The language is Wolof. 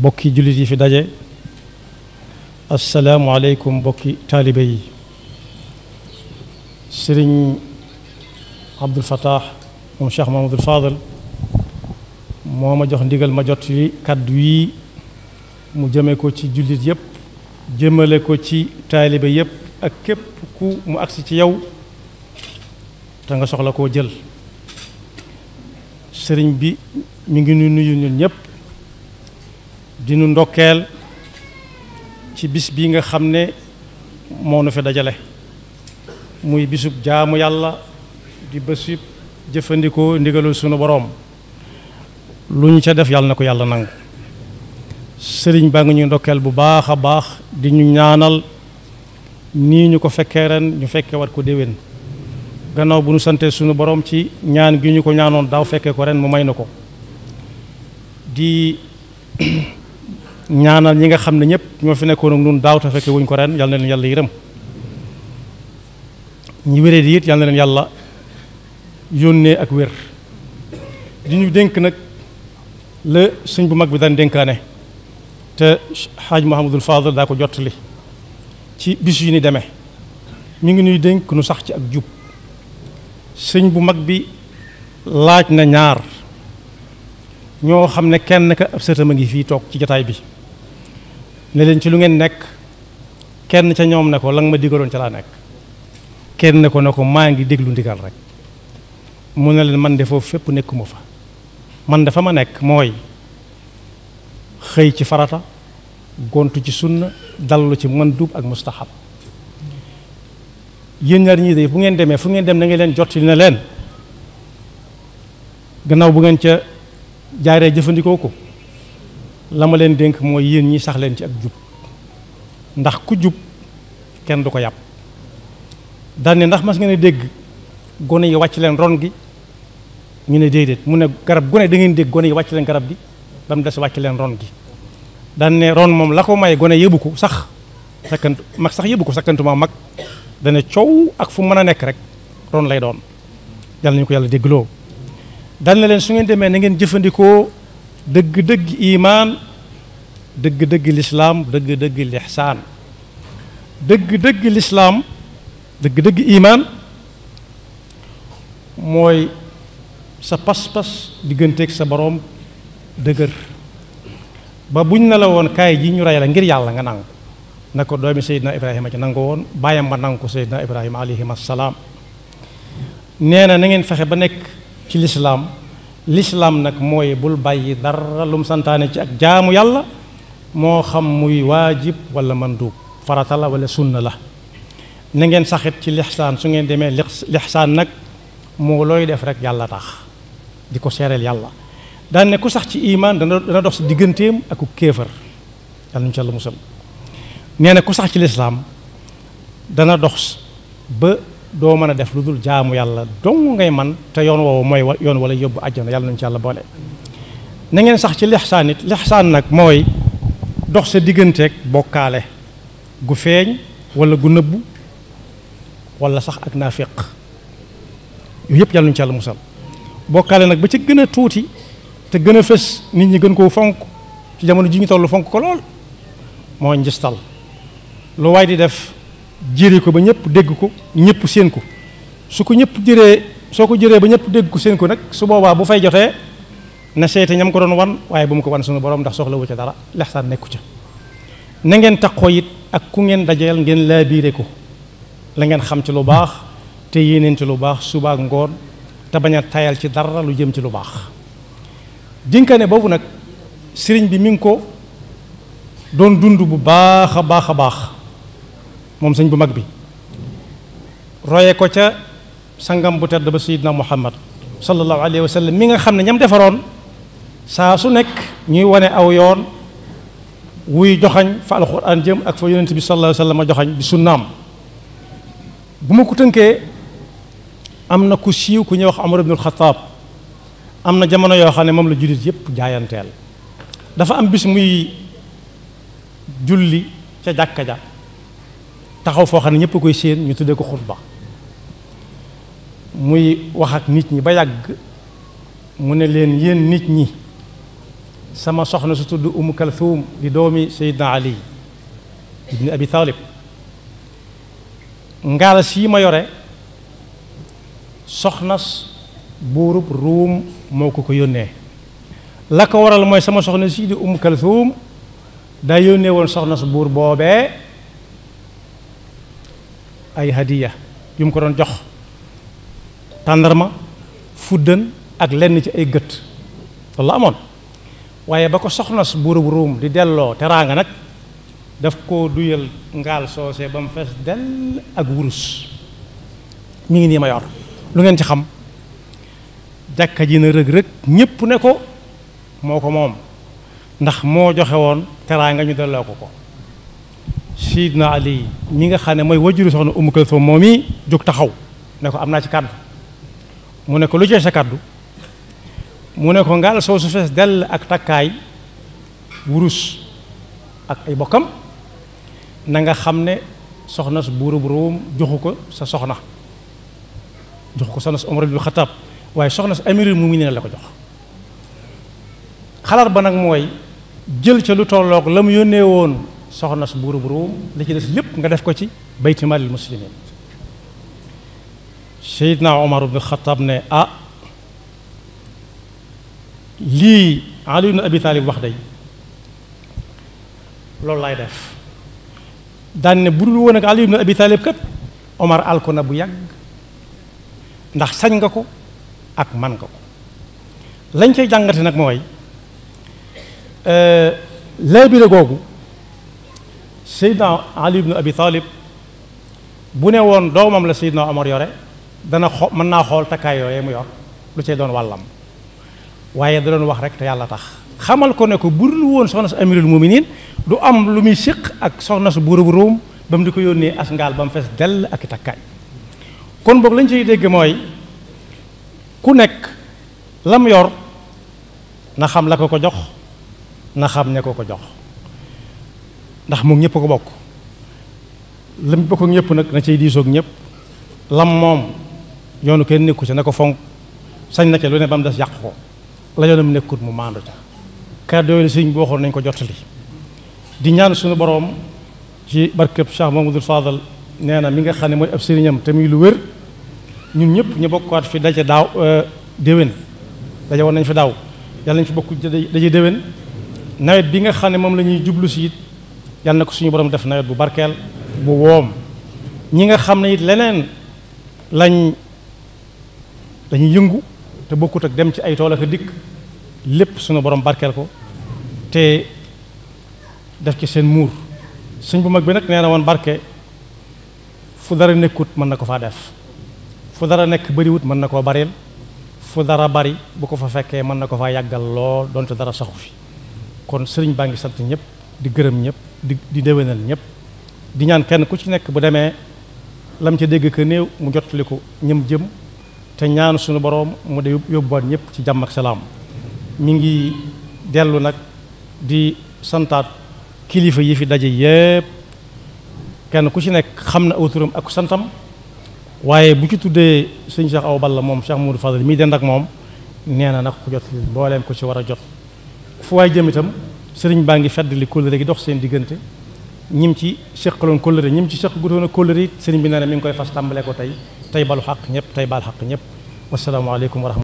bokki jullit yi fi daje asalaamualeykum bokki taalibe yi sëriñ Abdul Fattah moom Cheikh Mahamadul Fadal moo ma jox ndigal ma jot li kàddu yi mu jëme ko ci jullit yépp jëmale ko ci taalibe yépp ak képp ku mu agsi ci yow te nga soxla koo jël sëriñ bi mi ngi nuy nuyu ñun ñëpp nu ndokkeel ci bis bi nga xam ne moo nu fi dajale muy bisub jaamu yàlla di bésub jëfandikoo ndigalul sunu boroom lu ñu ca def yàlla na ko yàlla nangu sëriñ baa ngi ñuy ndokkeel bu baax a baax di ñu ñaanal nii ñu ko fekkee ren ñu fekkee wat ko déwén gannaaw bu ñu santee sunu borom ci ñaan gi ñu ko ñaanoon daaw fekkee ko ren mu may na ko di ñaanal ñi nga xam ne ñëpp ñoo fi nekkoon ak ñun daaw te fekke ko ren yal na leen yàlla yërëm ñi wéree it yal na leen yàlla yónnee ak wér di ñu dénk nag la sëñ bu mag bi daan dénkaane te xaaj Mouhamadul Fadal daa ko jottali ci bis yu ni deme mu ngi nuy dénk nu sax ci ak jub sëñ bu mag bi laaj na ñaar ñoo xam ne kenn ka ab sëtam a ngi fii toog ci jataay bi ne leen ci lu ngeen nekk kenn ca ñoom ne ko la nga ma digaloon ca laa nekk kenn ne ko ne ko maa ngi déglu ndigal rek mu ne leen man de foofu fépp nekkuma fa man dafa ma nekk mooy xëy ci farata gontu ci sunna dallu ci mandub ak mustahab yéen ñaar ñii de bu ngeen demee fu ngeen dem na leen jot na leen gannaaw bu ngeen ca jaaree jëfandikoo ko la ma leen dénk mooy yéen ñi sax leen ci ak jub ndax ku jub kenn du ko yàpp daan ne ndax mas ngeen a dégg gone yi wàcc leen ron gi ñu ne déedéet mu ne garab gone da ngeen dégg gone yi wàcc leen garab gi ba mu des wàcc leen ron gi daan ne ron moom la ko may gone yëbu ko sax sakkantu mag sax yëbu ko sakkantuma mag dana coow ak fu mën a nekk rek ron lay doon yàlla nañu ko yàlla déggloo daan na su ngeen demee na jëfandikoo dëgg-dëgg imaan dëgg-dëgg lislaam dëgg-dëgg lixsaan dëgg-dëgg lislaam dëgg-dëgg imaan mooy sa pas-pas digganteek sa boroom dëgër ba buñ na la woon kaay ji ñu rey la ngir yàlla nga nangu na ko doomi Seydina Ibrahima ci nangu woon bàyyam ba nangu ko Seydina Ibrahima alayhim assalaam nee na na ngeen fexe ba nekk ci lislaam lislaam nag mooy bul bàyyi dara lu santaane ci ak jaamu yàlla moo xam muy waajib walla manduub farata la wala sunna la na ngeen saxit ci lixsaan su ngeen demee lixsaan nag moo looy def rek yàlla tax di ko seereel yàlla daan ne ku sax ci imaan dana dana dox si digganteem ak ku kéefër ca la musal sax ci lislaam dana dox ba doo mën a def lu dul jaamu yàlla dong ngay man te yoon woowu mooy yoon wala yóbbu àjjana yàlla nañu ci yàlla boole na ngeen sax ci lixsaan it lixsaan nag mooy dox sa digganteeg bokkaale gu feeñ walla gu nëbbu wala sax ak naafiq yooyu yëpp yàlla nañu ci yàlla musal bokkaale nag ba ci gën a tuuti te gën a fës nit ñi gën koo fonk ci jamono ji ñu toll fonk ko lool mooy njistal lu waay di def jëre ko ba ñëpp dégg ko ñëpp seen ko su ko ñëpp jëree soo ko jëree ba ñëpp dégg ko seen ko nag su boobaa bu fay jotee na seete ñam ko doon wan waaye bu mu ko wan suñu borom ndax soxlawu ca dara lexsaan nekku ca na ngeen taxoo yit ak ku ngeen dajeel ngeen laabiire ko la ngeen xam ci lu baax te yéeneen ci lu baax suba ak ngoon te bañ a tayal ci dara lu jëm ci lu baax dénkaane boobu nag sëriñ bi mi ngi ko doon dund bu baax a baax a baax moom sëñ bu mag bi royee ko ca sangam bu tedd ba sayidna muhammad sallallahu alayhi wa mi nga xam ne ñam defaroon saa su nekk ñuy wane aw yoon wuy joxañ fa alquran jëm ak fa yonent bi sallallahu alayhi wa sallam joxañ di sunnaam bu ma ko tënkee am na ku siiw ku ñuy wax Omar ibnul Xataab am na jamono yoo xam ne moom la jullit yépp jaayanteel dafa am bis muy julli ca jàkka ja taxaw foo xam ne ñëpp koy séen ñu tuddee ko xutba muy wax ak nit ñi ba yàgg mu ne leen yéen nit ñi sama soxna su tudd Umu Kalthum di doomi Seydina Ali ibn Abi Talib ngaala sii ma yore soxnas buurub ruum moo ko ko yónnee la ko waral mooy sama soxna sii di Umu Kalthum daa yónnee buur boobee ay hadiya yu mu ko doon jox tàndarma fuddën ak lenn ci ay gët loolu la amoon waaye ba ko soxnas buurub ruum di delloo teraanga nag daf koo duyal ngaal soose ba mu fees dell ak wurus mi ngi nii ma yor lu ngeen ci xam jàkka ji na rëg-rëg ñépp ne ko moo ko moom ndax moo joxe woon teraanga ñu delloo ko ko Sidna Ali mi nga xam ne mooy wajuru soxna Umu Kalsum moom i jóg taxaw ne ko am naa ci kàddu mu ne ko lu ci sa kàddu mu ne ko ngaal soo su fees dell ak takkaay wurus ak ay bokkam na nga xam ne soxna su buurub Room joxu ko sa soxna joxu ko soxna su Omar bi Xataab waaye soxna su amirul muminin la ko jox xalaat ba nag mooy jël ca lu tolloog la mu yónnee woon soxna su buurub ruum li ci des lépp nga def ko ci bayti maalil muslimin Seydina Omar ibn Xattaab ne ah lii Ali ibn Abi wax day loolu laay def daan ne bu woon ak Ali ibn Abi na bu yàgg ndax sañ nga ko ak man nga ko lañ cay jàngate nag mooy euh, laabire googu Seydina Ali ibn Abi Talib bu ne woon doomam la Seydina Omar yore dana xo mën naa xool takkaay yooye mu yor lu cay doon wàllam waaye da doon wax rek te yàlla tax xamal ko ne ko bu dul woon soxna su amirul muminin du am lu muy siq ak soxna su buuru bu Room ba mu di ko yónnee as ngaal ba mu fees dell ak i takkaay kon boog lañ ciy dégg mooy ku nekk lam yor na xam la ko ko jox na xam ne ko ko jox ndax moom ñëpp ko bokk lam bokk ak ñëpp nag na cay diisoog ñëpp lam moom yoonu kenn nekku ci na ko fonk sañ na ca lu ne ba mu des yàq ko la yoonam nekkut mu maandu ca kàddu yooyu sëriñ bi waxoon nañ ko jottali di ñaan suñu boroom ci barkeb Cheikh Mamadou Fadal nee na mi nga xam ne mooy ab sëriñam te muy lu wér ñun ñëpp ñu bokkaat fi daje daaw euh, déwén daje woon nañ fi daaw yàlla nañ fi bokk daje déwén nawet bi nga xam ne moom la ñuy jublu siit yan na ko suñu borom def nawet bu barkeel bu woom ñi nga xam ne it leneen lañ dañuy yëngu te bokkut ak dem ci ay tool ak dikk lépp suñu borom barkeel ko te def ci seen muur sëñ bu mag bi nag nee na woon barke fu dara nekkut mën na ko faa def fu dara nekk bariwut mën na koo bareel fu dara bari bu ko fa fekkee mën na ko faa yàggal lool donte dara saxu fi kon sëriñ baa ngi sant ñëpp di gërëm ñëpp di di déwénal ñëpp di ñaan kenn ku ci nekk bu demee lam ca dégg ka néew mu jottali ko ñëm jëm te ñaan suñu boroom mu de yóbbuwaat ñëpp ci jàmm ak salaam mi ngi dellu nag di santaat kilifa yi fi daje yëpp kenn ku ci nekk xam na autoram ak santam waaye bu ci tuddee suñ Cheikh Awa Balla moom Cheikh Moudou Fadal mii dend ak moom nee na nag ku jot mbooleem ko ci war a jot fu waay jëm itam sëriñ baa ngi feddali kóllëre gi dox seen diggante ñim ci seqaloon kóllëre ñim ci seq gutoon a kóllëre it sëriñ bi nee na mi ngi koy fas tàmbalee ko tey tey balu xaq ñëpp tey baal xaq ñëpp wasalaamaaleykum wa rahmatulah